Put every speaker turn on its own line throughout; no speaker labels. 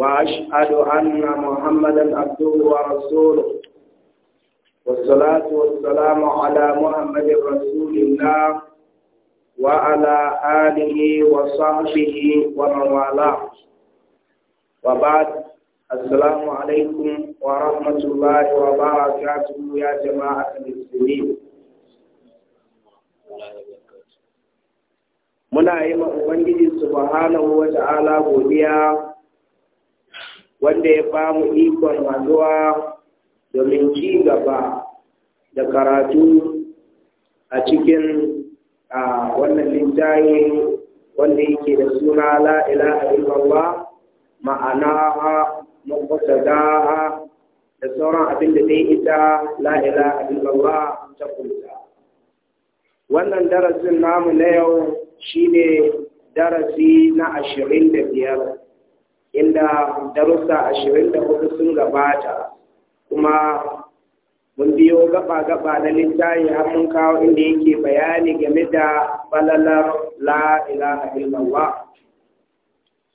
وأشهد أن محمدا عبده ورسوله والصلاة والسلام على محمد رسول الله وعلى آله وصحبه ومن والاه وبعد السلام عليكم ورحمة الله وبركاته يا جماعة المسلمين muna yi ma Ubangiji subhanahu wa ta'ala godiya wanda ya bamu ikon haduwa domin ci gaba da karatu a cikin wannan littafi wanda yake da suna a ilmarwa ma'ana ha da sauran abin da zai ita 'La'ila a ilmarwa ta kulta wannan darasin namu na yau shine darasi na ashirin da biyar inda darussa ashirin da hudu sun gabata kuma mun biyo gaba-gaba na littafi har mun kawo inda yake bayani game da falalar la ilaha illallah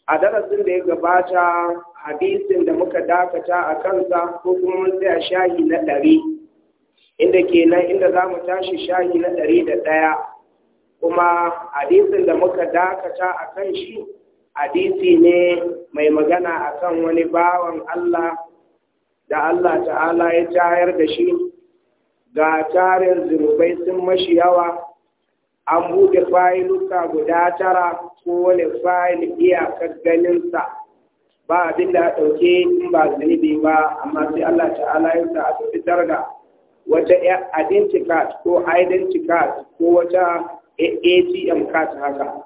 a darasin da ya gabata hadisin da muka dakata a kansa ko kuma mun tsaya shahi na ɗari inda kenan inda za mu tashi shahi na ɗari da ɗaya kuma hadisin da muka dakata a kan shi hadisi ne mai magana akan wani bawan Allah da Allah ta'ala ya tayar da shi ga tarin zunubai sun mashi yawa an buɗe fayiluka guda tara wani fayil iyakar ganinsa ba abin da ya ɗauke in ba zunubi ba amma sai Allah ta'ala ya sa a fitar da wata identity ko identity ko wata ATM card haka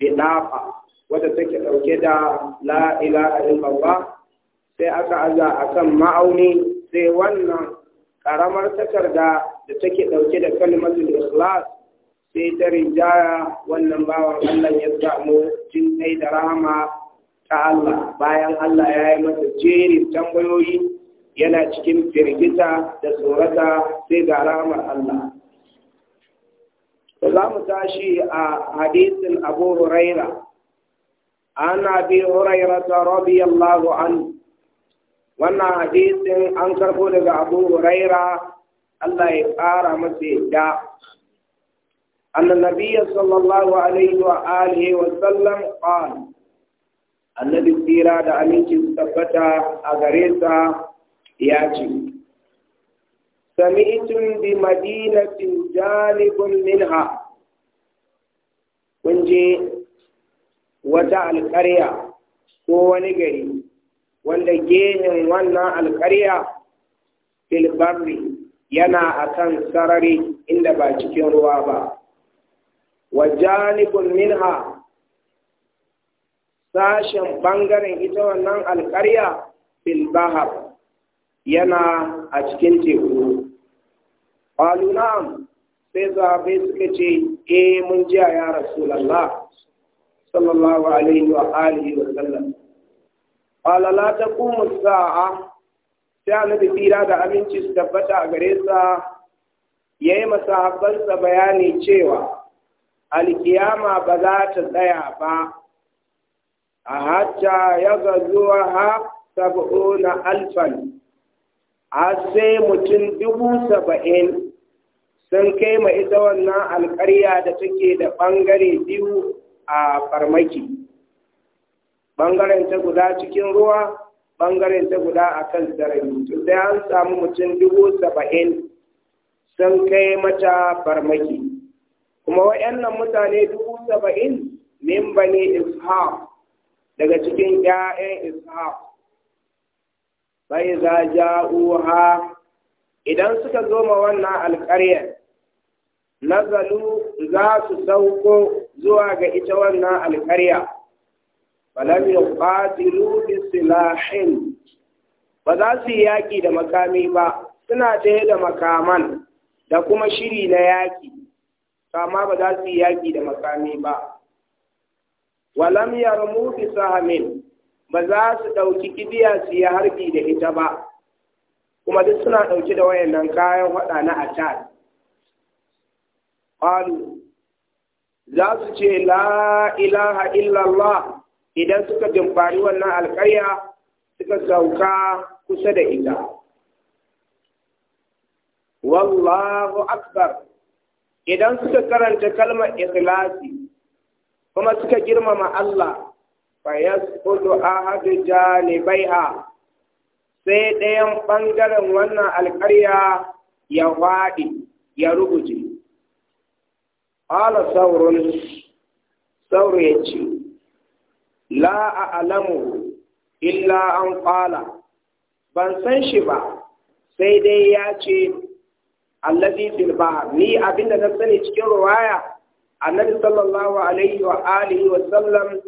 bilafa wadda take ɗauke da la ilaha illallah sai aka aza akan ma'auni sai wannan ƙaramar takarda da take ɗauke da kalmatul ikhlas sai ta rinjaya wannan bawan Allah ya samu jin kai da rahama ta Allah bayan Allah ya yi masa jerin tambayoyi yana cikin firgita da tsorata sai ga rahamar Allah za mu tashi a hadisin Abu Huraira an abi hurairata radiyallahu anhu wannan hadisin an karbo daga abu huraira Allah ya ƙara masa yadda أن النبي صلى الله عليه وآله وسلم قال النبي سيرا دا أمينك أغريسا ياتي سمعتم بمدينة جانب منها ونجي wata alƙarya ko wani gari wanda genen wannan alƙarya filbarri yana a kan sarari inda ba cikin ruwa ba wa janibun minha sashen ɓangaren ita wannan alƙarya filbahar yana a cikin teku ƙwalu na'am sai zaɓe suka ce e mun jiya ya rasulallah sallallahu alaihi wa alihi wa sallam wala la ta ku musa'a ya nabi tira da abinci su tabbata a gare sa yayin masahabban sa bayani cewa alkiyama ba za ta tsaya ba a hatta ya ga zuwa ha alfan a sai mutun dubu saba'in sun kai ma ita wannan alƙarya da take da ɓangare biyu a farmaki ɓangaren ta guda cikin ruwa ɓangaren ta guda a kan sarari da an samu mutum dubu saba'in sun kai mata farmaki kuma waɗannan mutane dubu saba'in min ne ishaq daga cikin ‘ya'yan ishaq bai za ja'uha idan suka zo ma wannan alƙaryar nazalu za su sauko zuwa ga ita wannan alkarya falam yuqatilu bisilahin ba za su yi yaƙi da makami ba suna yi da makaman da kuma shiri na yaƙi Kama ba za su yi yaƙi da makami ba walam yarmu bi sahamin ba za su ɗauki kibiya su yi harbi da ita ba kuma duk suna ɗauki da wayannan kayan faɗa na atal qalu za su ce la ilaha illallah idan suka jimfari wannan alƙarya suka sauka kusa da ita wallahu akbar idan suka karanta kalmar ikhlasi kuma suka girmama Allah fa yasqutu ahadu janibaiha sai ɗayan ɓangaren wannan alƙarya ya waɗi ya rubuce ƙala saurun sauru ya ce la a alamu illa an ƙala ban san shi ba sai dai ya ce allazi fil ba. ni abinda na sani cikin ruwaya annabi sallallahu alaihi wa alihi wa sallam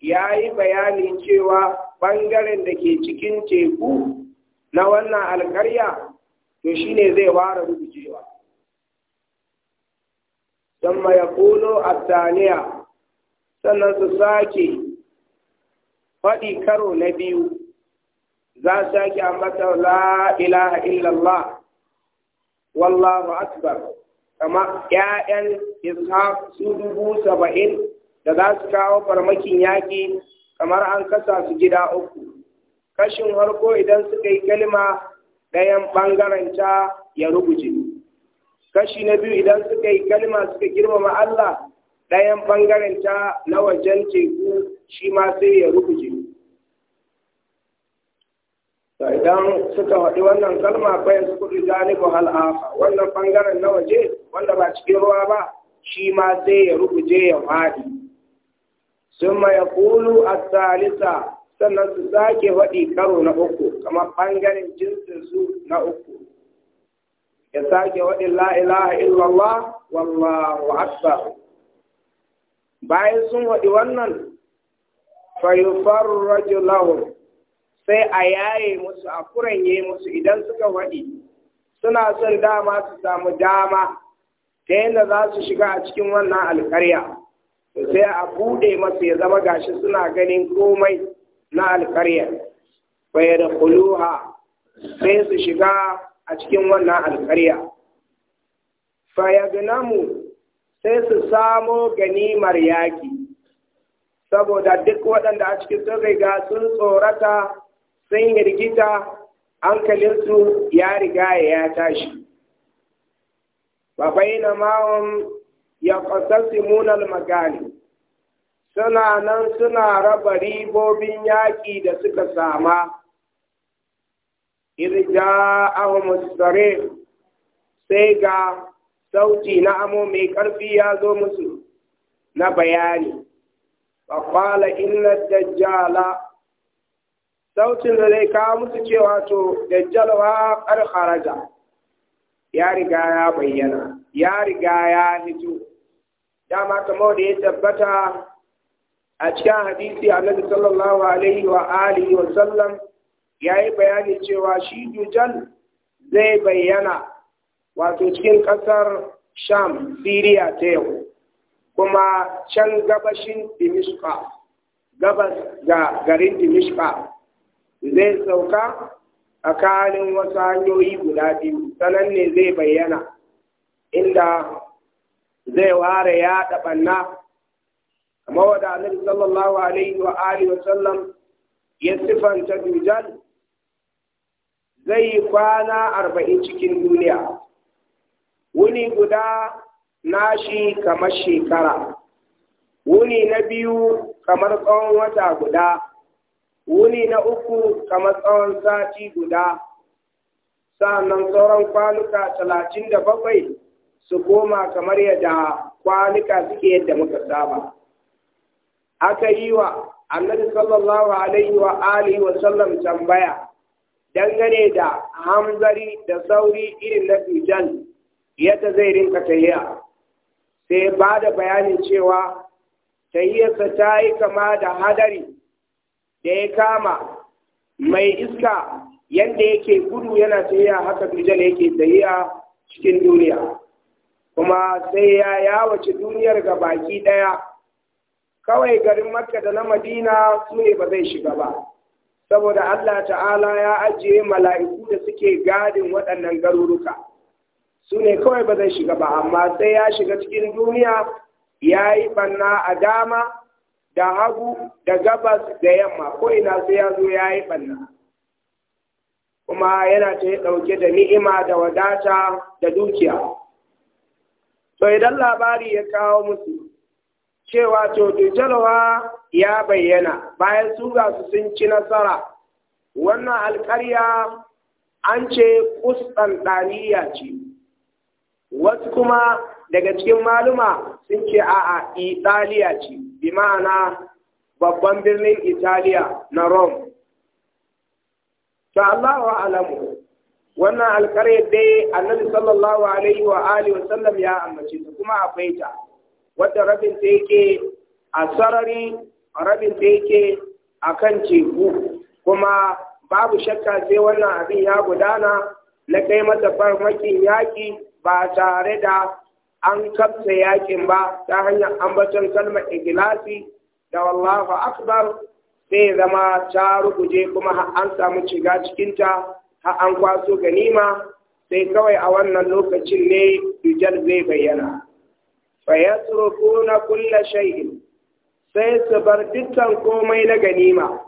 yayi bayani cewa bangaren da ke cikin teku na wannan alkarya to shine zai ware rubutu ثم a Taliya sannan su sake faɗi karo na biyu za su sake ambata la ilaha illallah wallahu akbar kama ‘ya'yan ishaq su dubu saba'in da za su kawo farmakin yaƙi kamar an kasa su gida uku kashin harko idan suka yi kalima ɗayan ɓangaren ta ya rubuce kashi na biyu idan suka yi kalma suka girmama Allah ɗayan ɓangaren ta na wajen teku shi ma sai ya rubuje idan suka waɗi wannan kalma bayan suka su ni ko hal'afa wannan ɓangaren na waje wanda ba cikin ruwa ba shi ma sai ya rubuje ya faɗi sun ma ya kulu a salisa sannan su sake faɗi karo na uku kamar ɓangaren jinsinsu na uku ya sake waɗin la ilaha illallah wallahu akbar bayan sun waɗi wannan raju lahum sai a yaye musu a kuranye musu idan suka waɗi suna son dama su samu dama ta yadda za su shiga a cikin wannan alkarya sai a buɗe masu ya zama gashi suna ganin komai na alkarya bai da kuluha sai su shiga a cikin wannan alƙarya fa sai su samo ganimar yaƙi saboda duk waɗanda a cikin sun riga sun tsorata sun hirgita hankalinsu ya riga ya tashi Babaina na mawon ya fasassi munar magani suna nan suna raba ribobin yaƙi da suka sama irja ahun sare sai ga sauti na amo mai ƙarfi ya zo musu na bayani faƙwala inna dajjala sautin da zai kawo musu cewa to wa kar kharaja ya riga ya bayyana ya riga ya hito dama kamar da ya tabbata a cikin hadisi annabi sallallahu alaihi wa alihi wa sallam ya yi bayani cewa shi dujal zai bayyana wato cikin ƙasar sham siriya ta yau kuma can gabashin dimishka gabas ga garin dimishka zai sauka a kanin wasu hanyoyi guda biyu sanan ne zai bayyana inda zai ware ya ɗaɓanna kamar wadda annabi sallallahu alaihi wa alihi ya sifanta dujal zai yi kwana arba'in cikin duniya wuni guda nashi kamar shekara wuni na biyu kamar tsawon wata guda wuni na uku kamar tsawon sati guda sannan sauran kwanuka talatin da bakwai su koma kamar yadda kwanuka suke yadda muka saba aka yi wa annabi sallallahu alaihi wa alihi wa sallam tambaya dangane da hamzari da sauri irin na tujan yadda zai rinka tahiya sai ba da bayanin cewa tahiyarsa ta yi kama da hadari da ya kama mai iska yadda yake gudu yana tahiya haka tujan yake a cikin duniya kuma sai ya yawace duniyar ga baki ɗaya kawai garin makka da na madina su ne ba zai shiga ba saboda Allah ta'ala ya ajiye mala'iku da suke gadin waɗannan garuruka su ne kawai ba zai shiga ba amma sai ya shiga cikin duniya ya yi banna a dama da hagu da gabas da yamma ko ina sai ya zo ya yi banna kuma yana ta yi ɗauke da ni'ima da wadata da dukiya to idan labari ya kawo musu cewa to dujalwa ya bayyana bayan su ga su sun ci nasara wannan alƙarya an ce kustantaniya ce wasu kuma daga cikin maluma sun ce a italiya ce bi ma'ana babban birnin italiya na rome ta allahu alamu wannan alƙarya dai annabi sallallahu alaihi wa alihi ya ambace ta kuma akwai ta wadda rabin ta yake a sarari rabin ta yake a kan teku kuma babu shakka sai wannan abin ya gudana na kai mata farmakin yaƙi ba tare da an kafta yaƙin ba ta hanyar ambaton kalmar igilasi da wallahu akbar sai zama ta ruguje kuma an samu shiga cikinta har an kwaso ganima sai kawai a wannan lokacin ne dujar zai bayyana. na kulla shay'in sai su bar dukkan komai na ganima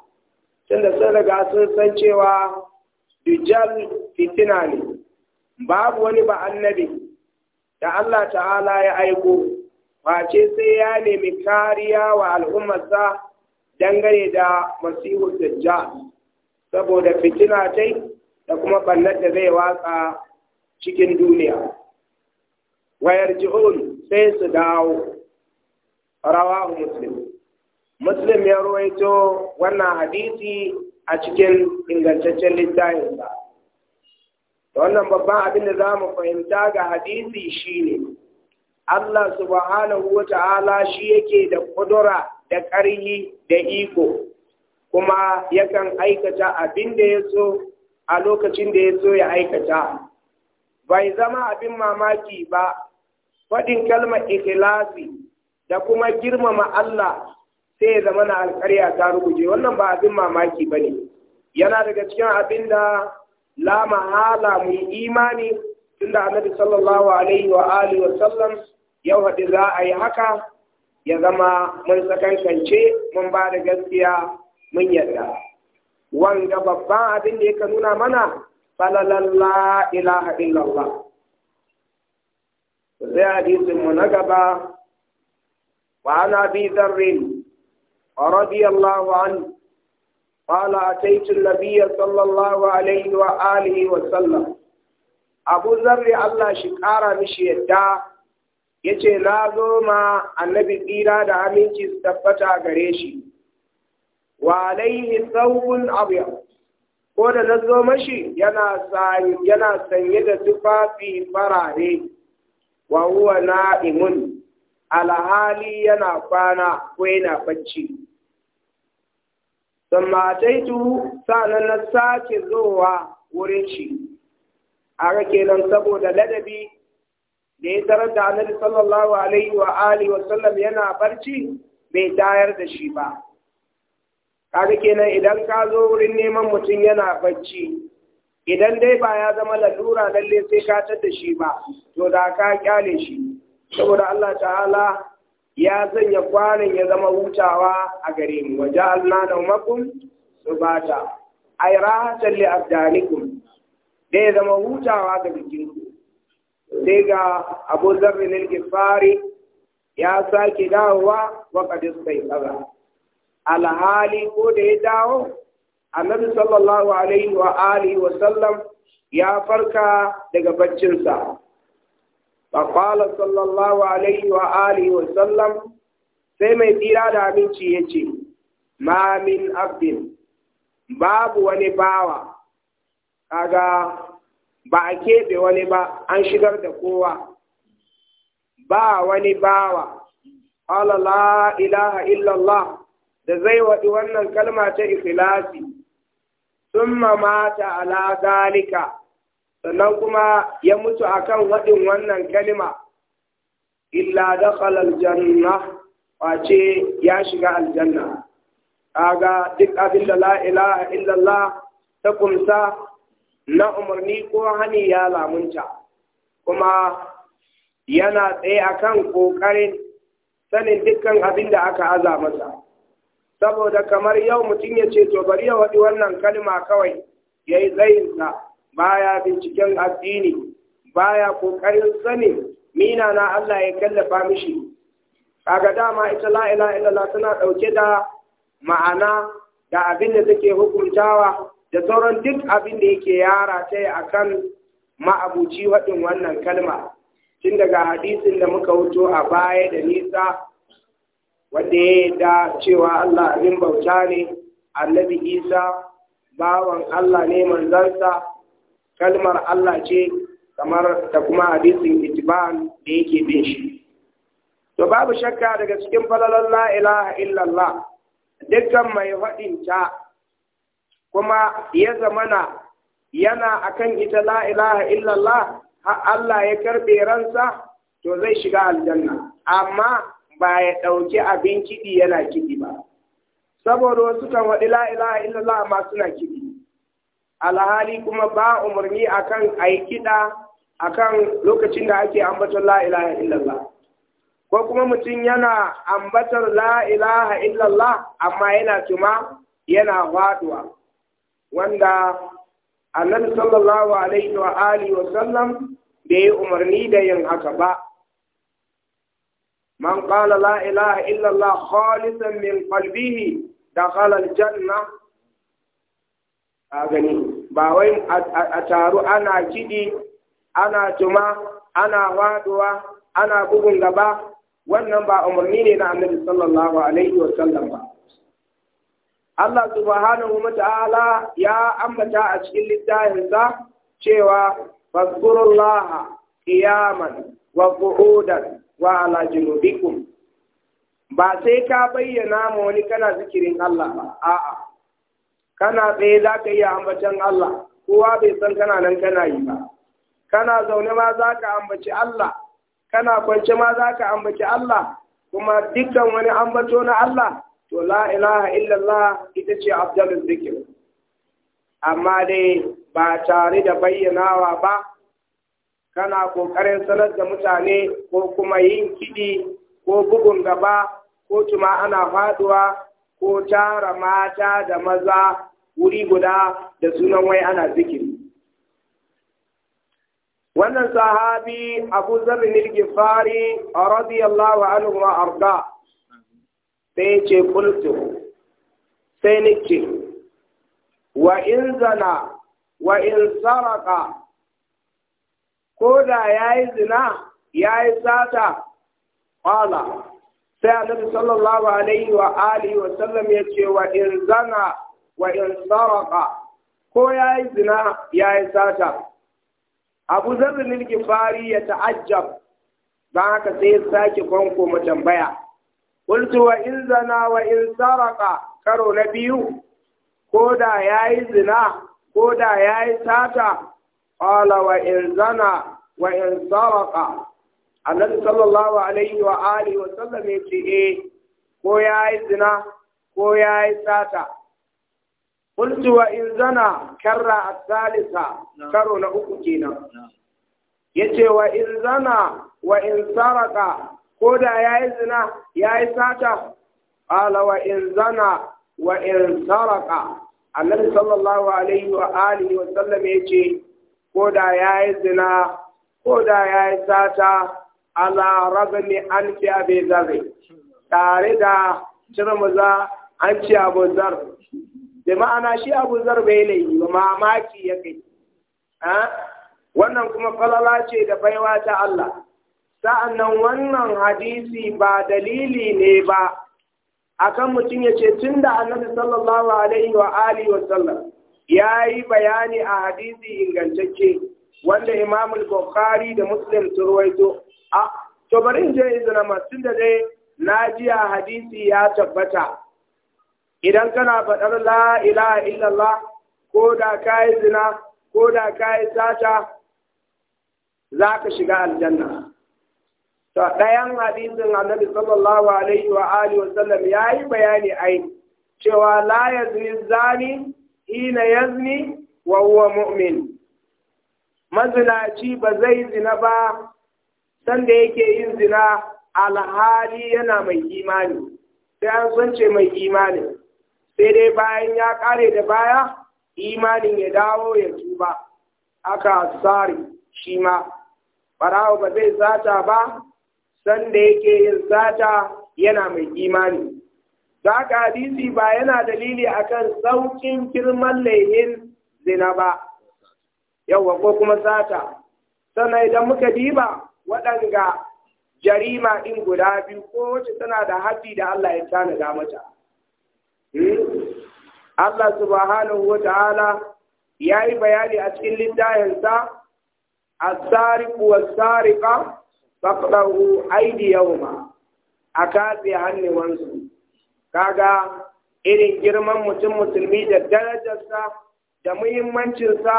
tunda sun riga sun san cewa dujjal fitina ne babu wani ba annabi da Allah ta'ala ya aiko face sai ya nemi kariya wa al'ummarsa dangane da masihu dajjal saboda fitina tai da kuma ɓannar da zai watsa cikin duniya Wayar wayarji'un sai su dawo rawahu muslim muslim ya ruwaito wannan hadisi a cikin ingantaccen littafinsa wannan babban abin da za mu fahimta ga hadisi shine Allah subhanahu wa ta'ala shi yake da kudura da ƙarfi da iko kuma yakan aikata abin da ya so a lokacin da ya so ya aikata bai zama abin mamaki ba faɗin kalmar ikhlasi da kuma girmama Allah sai ya zama na alƙarya ta ruguje wannan ba abin mamaki ba ne yana daga cikin abin da la mahala mu imani tunda annabi sallallahu alaihi wa alihi wa sallam yau hadi za a yi haka ya zama mun sakankance mun ba da gaskiya mun yarda Wanda babban abin da yake nuna mana falalalla ilaha illallah Zai hadisin mu na gaba wa ana bi zarrin radiyallahu anhu قال أتيت النبي صلى الله عليه وآله وسلم أبو ذر الله شكارا مشي يدا yace na zo ma annabi tsira da aminci su tabbata gare shi wa alaihi thawbun ko da na zo mashi yana sanye da tufafi farare wa huwa na'imun alhali yana kwana ko yana bacci thumma ataitu sanan na sake zowa wurin shi aga kenan saboda ladabi da ya tarar da annabi sallallahu alaihi wa alihi wa sallam yana barci bai tayar da shi ba kaga kenan idan ka zo wurin neman mutum yana bacci idan dai ba ya zama lalura lalle sai ka tar da shi ba to da ka kyale shi saboda Allah ta'ala ya sanya kwanan ya zama hutawa a gare mu waje Allah da makum subata ay rahatan li abdanikum dai zama hutawa ga ku. sai ga Abu bin al-Ghifari ya sake dawowa wa qad istayqaza alhali ko da ya dawo annabi sallallahu alaihi wa alihi wa sallam ya farka daga baccinsa faqala sallallahu alaihi wa alihi wa sallam sai mai tsira da aminci yace ma min abdin babu wani bawa kaga ba a keɓe wani ba an shigar da kowa ba wani bawa qala la ilaha illallah da zai waɗi wannan kalma ta ikhlasi summa mata ala zalika sannan kuma ya mutu akan waɗin wannan kalima illa dakhala aljanna wace ya shiga aljanna kaga duk abin da la ilaha illallah ta kumsa na umarni ko hani ya lamunta kuma yana tsaye akan kokarin sanin dukkan abin da aka aza masa saboda kamar yau mutum ya ce to bari ya waɗi wannan kalma kawai ya yi tsayinsa baya binciken addini baya ƙoƙarin sanin mina na Allah ya kallafa mishi kaga dama ita la ilaha illallah tana ɗauke da ma'ana da abin da take hukuntawa da sauran duk abin da yake yara ta yi akan ma'abuci waɗin wannan kalma tun daga hadisin da muka wuto a baya da nisa wanda ya yarda cewa Allah abin bauta ne annabi Isa bawan Allah ne manzansa kalmar Allah ce kamar da kuma hadisin itiban da yake bin shi to babu shakka daga cikin falalan la illallah dukkan mai haɗinta kuma ya zamana yana akan ita la ilaha illallah har Allah ya karɓe ransa to zai shiga aljanna amma ba ya ɗauki abin kiɗi yana kiɗi ba saboda wasu kan waɗi la illallah ma suna kiɗi alhali kuma ba umarni akan ayi kiɗa akan lokacin da ake ambatar la illallah ko kuma mutum yana ambatar la illallah amma yana tuma yana faɗuwa wanda annabi sallallahu alaihi wa alihi wa sallam bai umarni da yin haka ba من قال لا إله إلا الله خالصا من قلبه دخل الجنة أغني باوي أتارو أنا كدي أنا جمع أنا وادوا أنا بغن غبا wannan ba umarni ne na annabi sallallahu alaihi wa sallam ba Allah subhanahu wa ta'ala ya ambata a cikin littafin sa cewa fazkurullaha qiyaman wa qu'udan wa ala junubikum ba sai ka bayyana ma wani kana zikirin Allah ba a'a kana tsaye za ka iya ambacin Allah kowa bai san kana nan kana yi ba kana zaune ma za ka ambaci Allah kana kwance ma za ka ambaci Allah kuma dukkan wani ambato na Allah to la ilaha illallah ita ce afdalul zikir amma dai ba tare da bayyanawa ba kana ƙoƙarin sanar da mutane ko kuma yin kiɗi ko bugun gaba ko tuma ana faduwa ko tara mata da maza wuri guda da sunan wai ana zikiri. Wannan sahabi Abu Zarin al-Ghifari radiyallahu anhu wa arda sai ce kultu sai nake wa in zana wa in saraka ko da ya yi zina ya yi sata ƙwala sai annabi sallallahu alaihi wa alihi wa sallam ya ce wa in zana wa in saraka ko ya yi zina ya yi sata abu zarrin fari ya ta'ajjab ba haka sai ya sake kwanko mu tambaya qultu wa in zana wa in saraka karo na biyu ko da ya yi zina ko da ya yi sata qala wa in zana wa in saraqa annabi sallallahu alaihi wa alihi wa sallam yace eh ko yayi zina ko yayi sata qultu wa in zana karra athalitha karo na uku kenan yace wa in zana wa in saraka ko da yayi zina yayi sata qala wa in zana wa in saraka annabi sallallahu alaihi wa alihi wa sallam yace ko da ya yi zina ko da ya yi sata a ala ne an fi abin zarri tare da cirmuza an ci abin zar da ma'ana shi abin zar bai yi ba mamaki ya kai wannan kuma falala ce da baiwa ta Allah nan wannan hadisi ba dalili ne ba akan mutum ya ce tun da annabi sallallahu alaihi wa alihi wa sallam ya yi bayani a hadisi ingantacce wanda Imam Bukhari da Muslim sun ruwaito a to bari in je izina masu da dai na ji a hadisi ya tabbata idan kana faɗar la ilaha illallah ko da ka yi zina ko da ka yi sata za ka shiga aljanna to ɗayan hadisin annabi sallallahu alaihi wa wa sallam ya yi bayani ai cewa la yazni zani hina yazni wa huwa mu'min mazinaci ba zai zina ba sanda yake yin zina alhali yana mai imani sai an sance mai imani sai dai bayan ya kare da baya imanin ya dawo ya tuba aka sari shi ma barawo ba zai zata ba sanda yake yin zata, yana mai imani da hadisi ba yana dalili akan saukin firman lehin zina ba yawwa ko kuma sata sannan idan muka diba waɗanga jarima ɗin guda biyu ko wacce tana da haɗi da Allah ya tanada mata hmm? Allah subhanahu wa ta'ala ya yi bayani a cikin littayensa a tsariku wa tsarika faɗaɗu aidi yau ma a katse hannuwansu kaga irin girman mutum musulmi da darajarsa da muhimmancinsa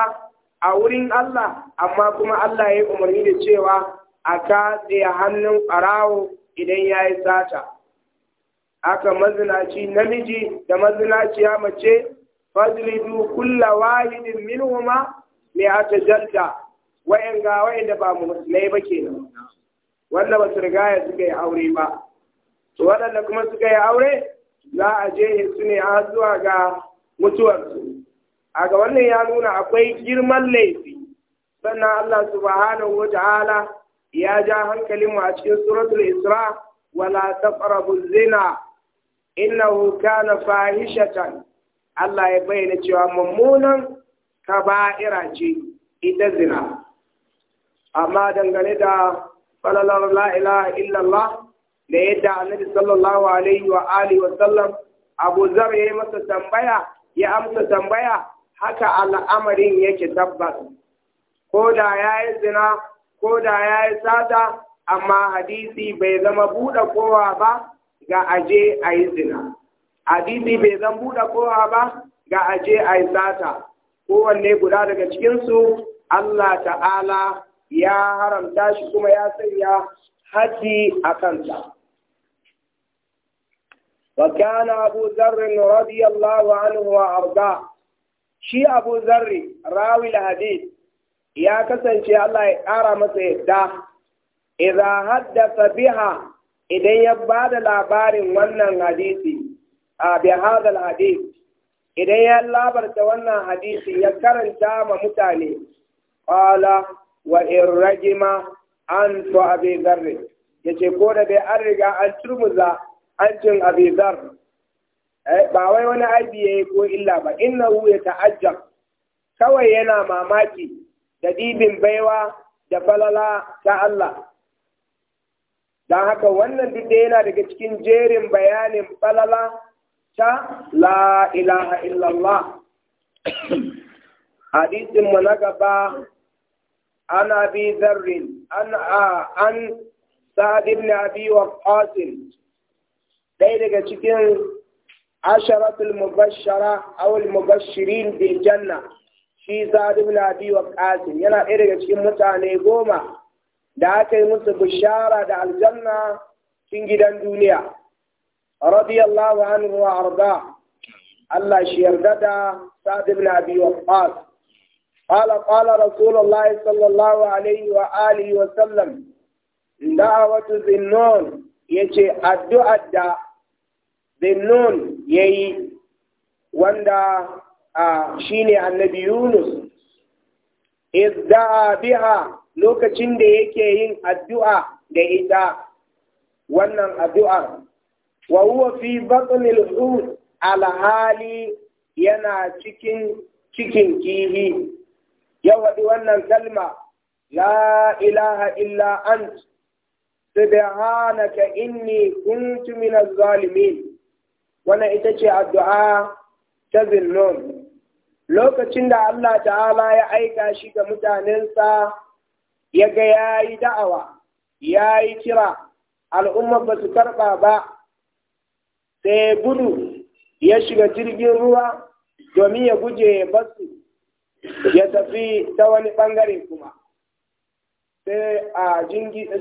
a wurin Allah amma kuma Allah ya yi umarni da cewa a katse hannun ɓarawo idan ya yi sata aka mazinaci namiji da mazinaciya mace biyu, kulla wahidin minhuma mai ata jalta wayan ga wayan da ba mu musulmai ba kenan wanda ba su rigaya suka yi aure ba to waɗanda kuma suka yi aure za a je su ne a zuwa ga mutuwarsu a ga wannan ya nuna akwai girman laifi sannan Allah subhanahu wa ta'ala ya ja hankalin mu a cikin suratul isra wala taqrabu zina innahu kana fahishatan Allah ya bayyana cewa mummunan kaba'ira ce ita zina amma dangane da falalar la illallah da yadda annabi sallallahu alaihi wa alihi wa sallam Abu Zar yayi masa tambaya ya amsa tambaya haka al'amarin yake tabbas ko da yayi zina ko da yayi sata amma hadisi bai zama buɗe kowa ba ga aje a yi zina hadisi bai zama buɗe kowa ba ga aje a yi sata kowanne guda daga cikinsu Allah ta'ala ya haramta shi kuma ya sanya haji a kansa Waƙana abu zarrin radiyallahu anuhu wa Abdullahi. Shi abu zarri, rawule haditha. Ya kasance Allah Ya ƙara masa yadda. Iza haɗa tabiha. Idan ya ba labarin wannan hadisi zaɓe har da labarin. Idan ya labarta wannan hadithi, ya karanta ma mutane. Fala wa in an ta'abi zarri. Ya ce ko da bai arga an turmu Ajin abizar eh, ba wai wani aji ya yi ko illa ba inna ya ta'ajjab kawai yana mamaki da dibin baiwa da falala ta Allah da haka wannan duk yana daga cikin jerin bayanin falala ta la ilaha illallah hadisin mu na gaba an abi zarrin an ah, an sa'ad ibn abi waqqas ɗaya daga cikin asharatul mubashshara awul mubashirin bil janna shi sa'ad ibn wa waqas yana ɗaya daga cikin mutane goma da aka yi musu bishara da aljanna cikin gidan duniya radiyallahu anhu wa arda Allah shi yarda da sa'ad ibn abi waqas قال قال رسول الله صلى الله عليه وآله وسلم دعوة النون yace addu'ar da sai yayi ya yi wanda a shine annabi yunus izda'a biha lokacin da yake yin addu'a da ita wannan addu'ar wa huwa fi batnil hud alhali yana cikin cikin kihi ya waɗi wannan kalma la ilaha illa ant subhanaka inni kuntu minaz zalimin wannan ita ce addu'a ta zinnon lokacin da Allah ta'ala ya aika shi ga mutanensa ya ga ya yi da'awa ya yi kira al'umma ba su karɓa ba sai gudu ya shiga jirgin ruwa domin ya guje basu ya tafi ta wani ɓangare kuma sai a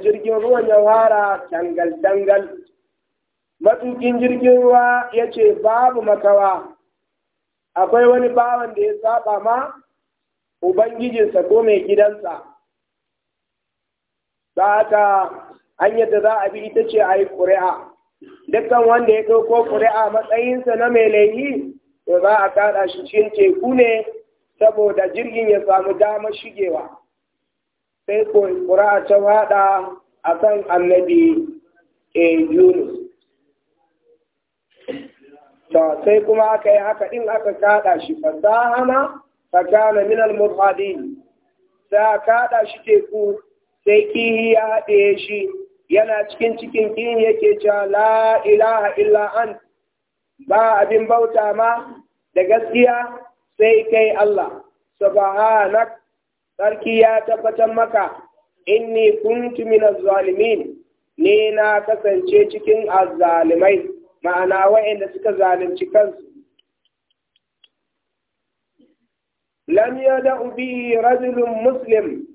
jirgin ruwan ya fara tangal-tangal matukin jirgin ruwa ya ce babu makawa akwai wani bawan da ya saba ma ubangijinsa ko mai gidansa ba ta hanyar da za a bi ita ce a yi ƙuri'a dukkan wanda ya ɗauko ƙuri'a matsayinsa na mai laihi to za a kaɗa shi cikin teku ne saboda jirgin ya samu damar shigewa sai ƙuri'a ta waɗa a kan annabi eh, yunus to sai kuma aka yi haka ɗin aka kaɗa shi fasahama fa kana min al murhadin sai kada shi teku sai kihi ya haɗe shi yana cikin cikin kihi yake cewa la ilaha illa an ba abin bauta ma da gaskiya sai kai Allah subhanak sarki ya tabbatar maka inni kuntu min az-zalimin ni na kasance cikin azalimai. ma'ana da suka zalunci kansu lam da ubi rajulun muslim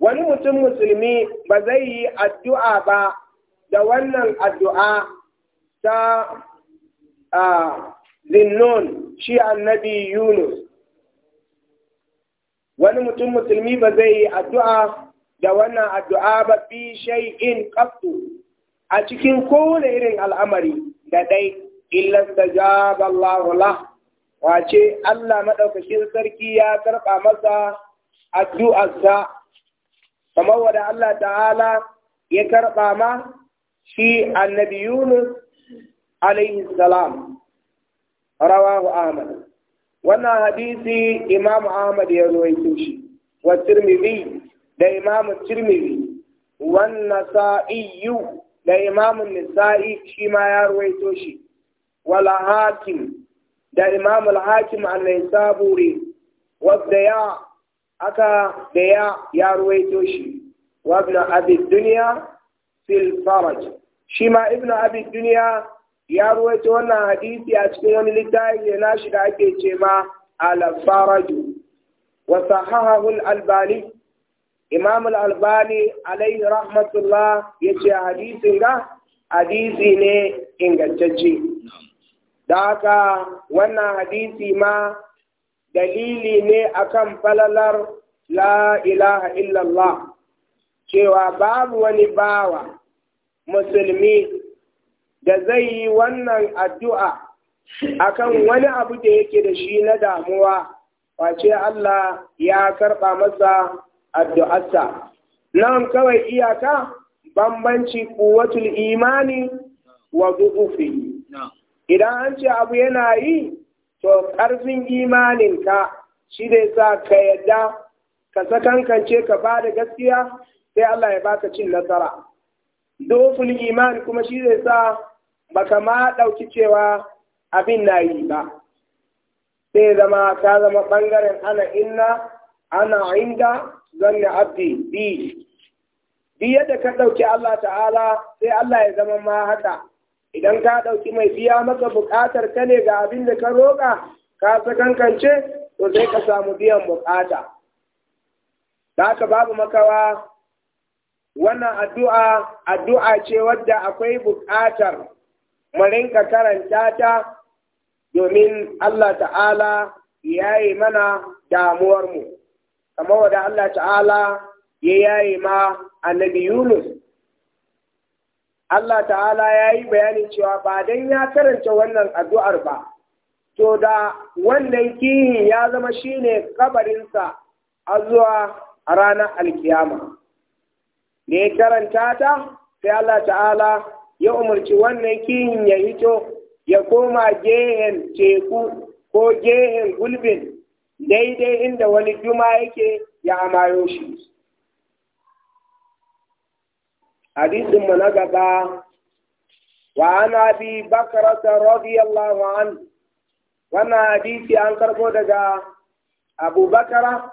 wani mutum musulmi ba zai yi addu'a ba da wannan addu'a ta zinnun shi annabi Yunus. Wani mutum musulmi ba zai yi addu'a da wannan addu'a ba fi shai'in ƙaftu a cikin kowane irin al'amari da ɗai illan da ja Allah wace Allah maɗaukacin sarki ya karɓa masa addu'arsa kamar wadda Allah ta'ala ya karɓa ma shi annabi Yunus alaihi salam rawahu Ahmad wannan hadisi Imam Ahmad ya rawaito shi wa Tirmidhi da Imam Tirmidhi wan Nasa'i da imamun nisa'i shi ma ya ruwaito shi wala hakim da imamul hakim annai saburi wadda ya aka da ya ya ruwaito shi wabna abin duniya fil faraj shi ma ibnu abid duniya ya ruwaito wannan hadisi a cikin wani littafi na shi da ake ce ma al faraj wa sahahahu al albani Imam albani alaihi rahmatullah ya ce hadisin ga hadisi ne ingantacce. Da haka wannan hadisi ma dalili ne akan falalar la ilaha illallah cewa babu wani bawa musulmi da zai yi wannan addu'a akan wani abu da yake da shi na damuwa, wace Allah ya karɓa masa addu'arsa nan kawai iyaka bambanci kuwatul imani wa du'ufi idan an ce abu yana yi to ƙarfin imaninka shi ne sa ka yadda ka sakankance ka ba gaskiya sai Allah ya baka cin nasara doful iman kuma shi ne sa baka ma ɗauki cewa abin na yi ba sai zama ka zama ɓangaren ana inna ana inda zanni abdi bi bi yadda ka ɗauki Allah ta'ala sai Allah ya zama ma haka idan ka ɗauki mai biya maka buƙatar ka ne ga abin da ka roƙa ka kankance to sai ka samu biyan buƙata da haka babu makawa wannan addu'a addu'a ce wadda akwai buƙatar mu rinka karanta ta domin Allah ta'ala ya yi mana damuwarmu. kamar wada Allah ta'ala ya yaye ma annabi Yunus Allah ta'ala ya yi bayanin cewa ba don ya karanta wannan addu'ar ba, to da wannan kihi ya zama shine kabarinsa a zuwa ranar alkiyama. Da ya karanta ta, sai Allah ta'ala ya umarci wannan kihin ya hito ya koma gehen teku ko gehen gulbin daidai inda wani juma yake ya amayo shi hadisin mu na gaba wa ana bi bakarata radiyallahu an wannan hadisi an karbo daga abu bakara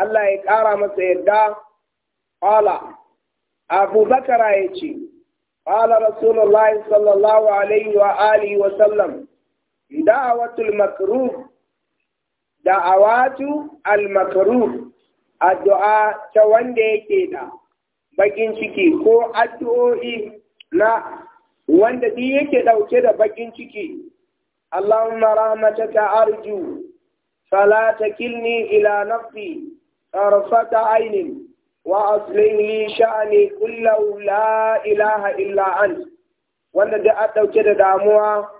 Allah ya ƙara masa yadda. ƙala abu bakara ya ce ƙala rasulullahi sallallahu alaihi wa alihi wa sallam da'awatul makruh da'awatu al-makruh addu'a ta wanda yake da bakin ciki ko addu'o'i na wanda duk yake dauke da bakin ciki Allahumma rahmataka arju fala kilni ila nafsi tarfata ainin wa sha'ani, li sha'ni kullahu la ilaha illa wanda da a dauke da damuwa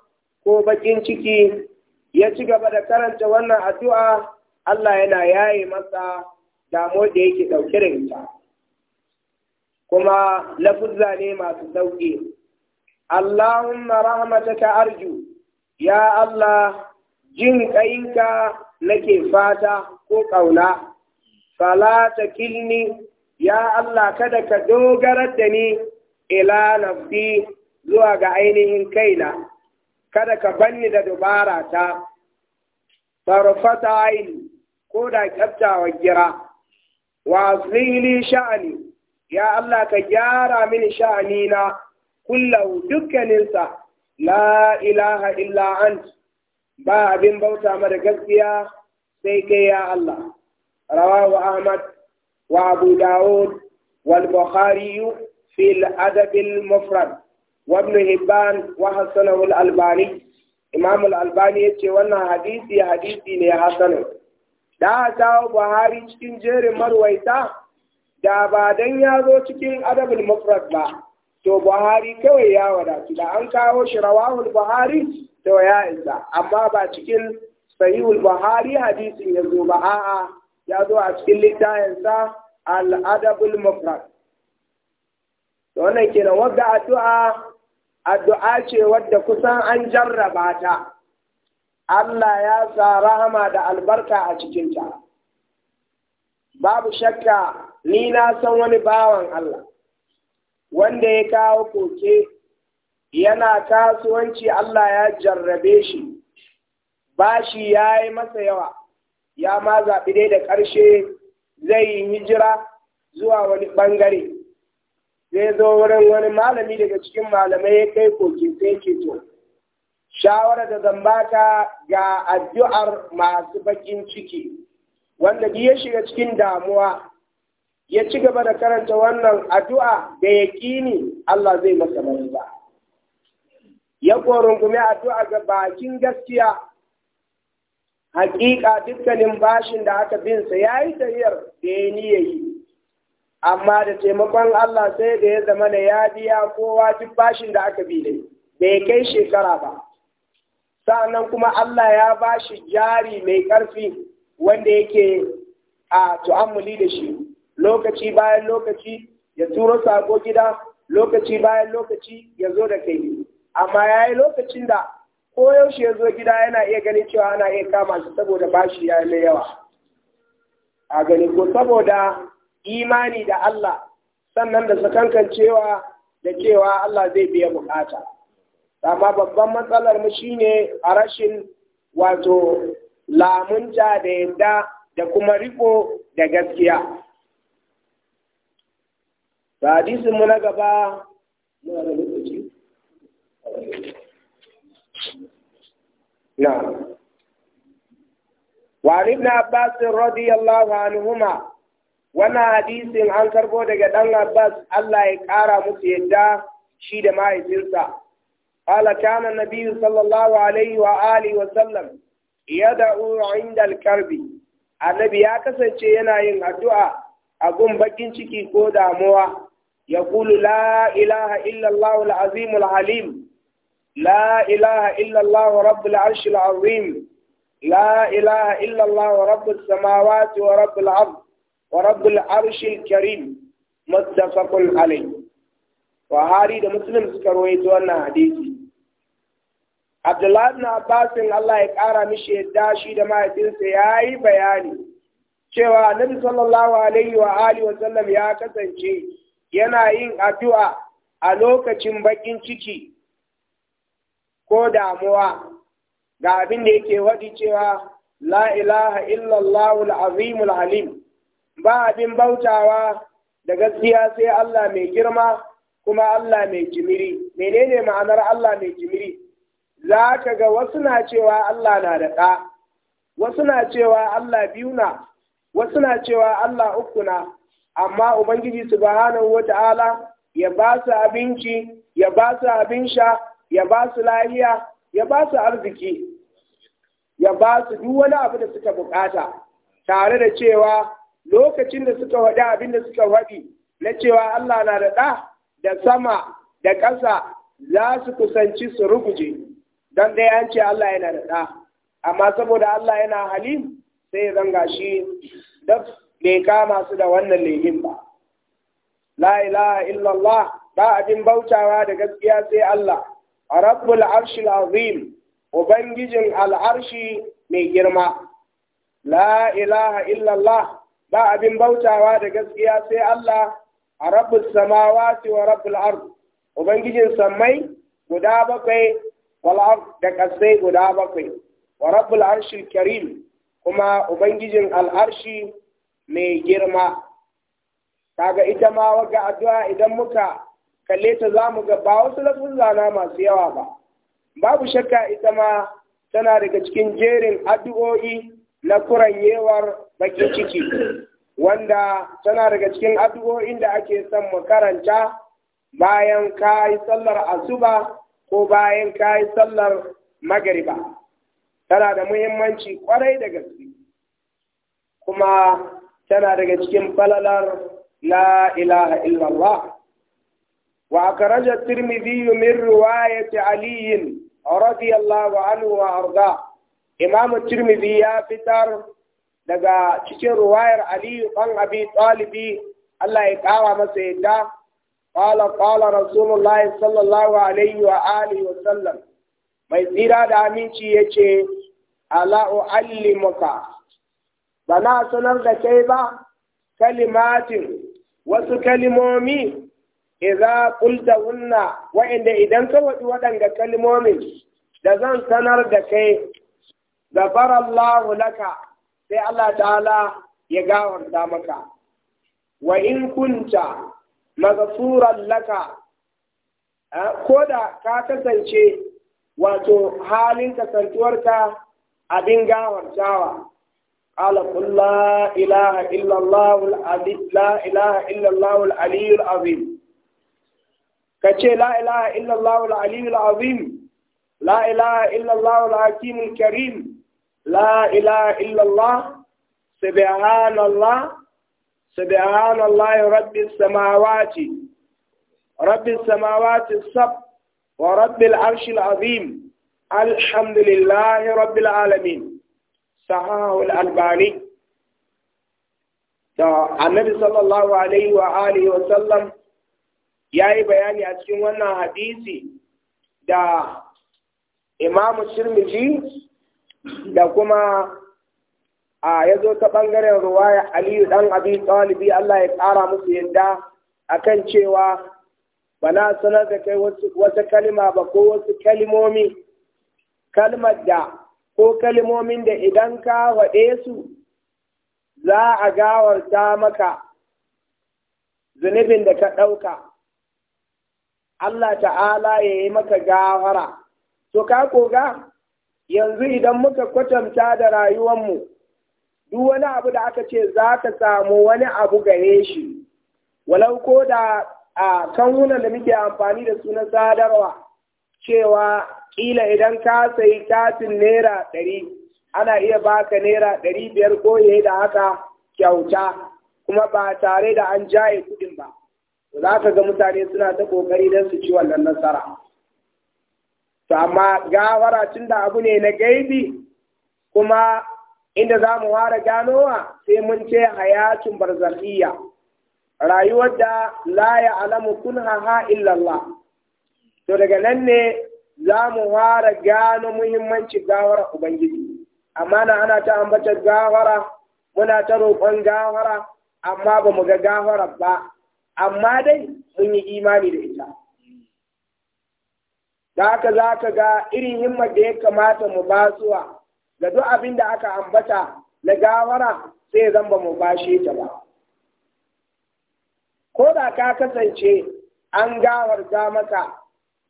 ko bakin ciki ya ci gaba da karanta wannan addu'a Allah yana yaye masa damo da yake ɗauke da ita kuma lafuzza ne masu sauƙi Allahumma rahmataka arju ya Allah jin ƙayinka nake fata ko ƙauna fala ta kilni ya Allah kada ka dogarar da ni ila nafi zuwa ga ainihin kaina kada ka banni da dubara ta tarfata aini ko da kyaftawa gira wa zili sha'ani ya Allah ka gyara mini sha'ani na kullau dukkaninsa la ilaha illa ant ba abin bauta mara gaskiya sai kai ya Allah rawahu Ahmad wa Abu Dawud wal Bukhari fi al-Adab al-Mufrad وابن هبان وحسنه الألباني إمام الألباني يتشي وانا حديثي حديثي لي حسنه da kawo Buhari cikin jerin marwaita da ba dan ya zo cikin adabul mufrad ba to Buhari kawai ya wadatu da an kawo shi rawahul Buhari to ya isa amma ba cikin sahihul Buhari hadisin ya zo ba a'a ya zo a cikin littayansa al adabul mufrad to wannan kenan wadda addu'a addu'a ce wadda kusan an jarraba ta, Allah ya sa rahama da albarka a cikinta. Babu shakka ni na san wani bawan Allah, wanda ya kawo koke yana kasuwanci Allah ya jarrabe shi, bashi ya yi masa yawa, ya ma zaɓi dai da ƙarshe zai yi hijira zuwa wani ɓangare. zai zo wurin wani malami daga cikin malamai ya kai kogin sai ke to shawara da zambata ga addu'ar masu bakin ciki wanda ya shiga cikin damuwa ya ci gaba da karanta wannan addu'a da kini Allah zai masa ba. ya kuma addu'a ga bakin gaskiya hakika dukkanin bashin da aka binsa ya yi tahiyar da ya niyayi amma da taimakon Allah sai da ya zama da ya biya kowa duk bashin da aka bi da bai kai shekara ba sa'annan kuma Allah ya ba shi jari mai ƙarfi wanda yake a tu'ammuli da shi lokaci bayan lokaci ya turo sako gida lokaci bayan lokaci ya zo da kai amma ya yi lokacin da ko yaushe ya zo gida yana iya ganin cewa ana iya kama shi saboda bashi ya yi mai yawa a gani ko saboda imani da Allah sannan da sakankan cewa da cewa Allah zai biya bukata amma babban matsalar mu shine a rashin wato lamunta da yadda da kuma riko da gaskiya da hadisin mu na gaba na Wa ابن عباس radiyallahu الله wannan hadisin an karbo daga ɗan Abbas Allah ya ƙara musu yadda shi da mahaifinsa قال كان النبي صلى الله عليه وآله وسلم يدعو عند الكرب النبي ya kasance yana yin addu'a abun gun bakin ciki ko damuwa ya kulu la ilaha illallah al al-halim la ilaha illallah rabbul arsh al la ilaha illallah rabbus wa wa rabbul arshil karim muttafaqun alayh Buhari da Muslim suka rawaito wannan hadisi Abdullahi ibn Abbas Allah ya ƙara mishi yadda shi da mahaifinsa ya yi bayani cewa Annabi sallallahu alaihi wa ya kasance yana yin addu'a a lokacin baƙin ciki ko damuwa ga abin da yake wadi cewa la ilaha illallah al-azim ba abin bautawa da gaskiya sai Allah mai girma kuma Allah mai jimiri menene ma'anar Allah mai jimiri za ka ga wasu na cewa Allah na da ɗa wasu na cewa Allah biyu na wasu na cewa Allah uku na amma Ubangiji subhanahu wa ta'ala ya ba su abinci ya ba su abin sha ya ba su lahiya ya ba su arziki ya ba su duk wani abu da suka bukata tare da cewa lokacin da suka faɗi abin da suka faɗi na cewa Allah na da ɗa da sama da ƙasa za su kusanci su rubuce, don dai an ce Allah yana da ɗa amma saboda Allah yana halim sai ya zanga shi da kama su da wannan lehin ba la ilaha illallah ba abin bautawa da gaskiya sai Allah rabbul arshil azim ubangijin al'arshi mai girma la ilaha illallah ba abin bautawa da gaskiya sai Allah a rabbul samawati wa rabbul ard ubangijin sammai guda bakwai wal da kasai guda bakwai wa rabbul arshil karim kuma ubangijin al'arshi mai girma kaga ita ma waga addu'a idan muka kalle ta zamu ga ba wasu lafin zana masu yawa ba babu shakka ita ma tana daga cikin jerin addu'o'i na kuranyewar bakin ciki wanda tana daga cikin addu'o'in da ake son mu karanta bayan ka sallar asuba ko bayan ka sallar magariba tana da muhimmanci kwarai da gaske kuma tana daga cikin falalar la ilaha illallah wa akaraja tirmidhi min riwayati ali radiyallahu anhu wa arda imamu tirmidhi ya fitar daga cikin ruwayar aliyu ɗan abi Allah ya ƙara masa yadda qala qala rasulullahi sallallahu alaihi wa alihi wa sallam mai tsira da aminci yace ala uallimuka bana sanar da kai ba kalimatin wasu kalimomi idza qultahunna wa inda idan ka wadi waɗanga kalimomin da zan sanar da kai gafarallahu naka sai Allah ta'ala ya gawarta maka wa in kunta maghfuran laka ko da ka kasance wato halin kasantuwarka abin gawartawa قال قل لا إله إلا الله العظيم لا إله إلا الله العلي العظيم كتشي لا إله إلا الله العلي العظيم لا إله إلا الله الحكيم الكريم لا إله إلا الله سبحان الله سبحان الله رب السماوات رب السماوات السب ورب العرش العظيم الحمد لله رب العالمين صحاه الألباني النبي صلى الله عليه وآله وسلم ya yi bayani a cikin wannan hadisi da da kuma a ya zo ta ɓangaren ruwaya aliyu ɗan abi talibi Allah ya ƙara musu yadda akan cewa ba na sanar da kai wata kalima ba ko wasu kalimomi kalmar da ko kalimomin da idan ka waɗe su za a gawarta maka zunubin da ka ɗauka Allah ta'ala ya yi maka gawara to ka koga yanzu idan muka kwatanta da rayuwanmu duk wani abu da aka ce za ka samu wani abu gare shi walau ko da a kanwunan da muke amfani da su na sadarwa cewa ƙila idan ka sayi katin naira ɗari ana iya baka naira ɗari biyar ko yayi da haka kyauta kuma ba tare da an jaye kuɗin ba za ka ga mutane suna ta ƙoƙari don su ci wannan nasara to amma gawara tun da abu ne na gaibi kuma inda za mu ware ganowa sai mun ce hayatun barzakiya rayuwar da la ya alamu kun kunhaha illallah to daga nan ne za mu ware gano muhimmanci gawara ubangiji amma na ana ta ambatar gawara muna ta roƙon gawara amma ba mu ga gawara ba amma dai mun yi imani da ita da haka za ka ga irin himmar da ya kamata mu basuwa ga duk abin da aka ambata na gawara sai zan ba mu bashe ta ba ko da ka kasance an za maka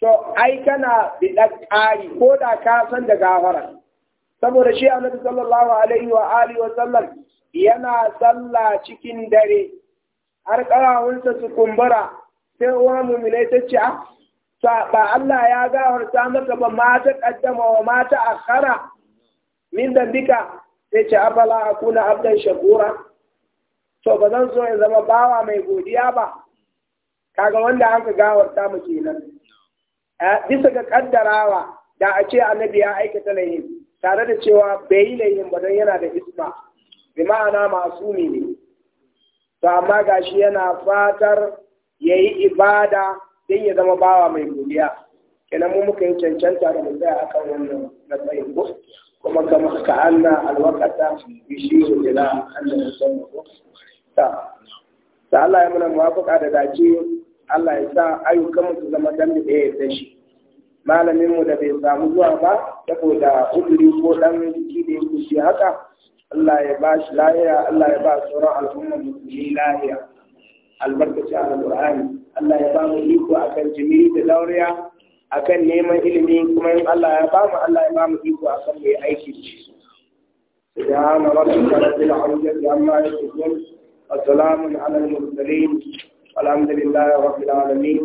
to ai kana biɗar ƙari ko da ka san da gawara saboda shi annabi sallallahu alaihi wa alihi wa sallam yana sallah cikin dare har ƙarawunsa su kumbura sai uwa mumilai ta ce ah, ba Allah ya gafarta maka ba ma ta kaddama wa ma ta akhara min bika sai ce abala akuna abdan shakura to ba zan so in zama bawa mai godiya ba kaga wanda an ka gawarta mu kenan eh, bisa ga kaddarawa da a ce annabi ya aikata laihin tare da cewa bai yi laihin ba don yana da isma bi ma'ana masumi ne to amma gashi yana fatar yayi ibada sai ya zama bawa mai godiya kenan mu muka yi cancanta da mu tsaya akan wannan matsayin ko kuma kama ka anna alwaqata da ila anna musamma ta ta Allah ya muna muwafaqa da dace Allah ya sa ayyukan mu su zama dan da ya da shi malamin mu da bai samu zuwa ba saboda uduri ko dan jiki da yake shi haka Allah ya ba shi lafiya Allah ya ba sauran al'ummar lahiya, lafiya Al-Qur'ani. Allah ya ba mu iko akan jimiri da lauriya akan neman ilimi kuma in Allah ya ba mu Allah ya ba mu iko akan mai aiki da shi سبحان ربك رب العزة عما يصفون وسلام على المرسلين والحمد لله رب العالمين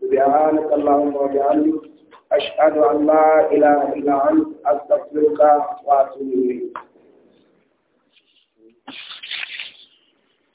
سبحانك اللهم وبحمدك أشهد أن لا إله إلا أنت أستغفرك وأتوب إليك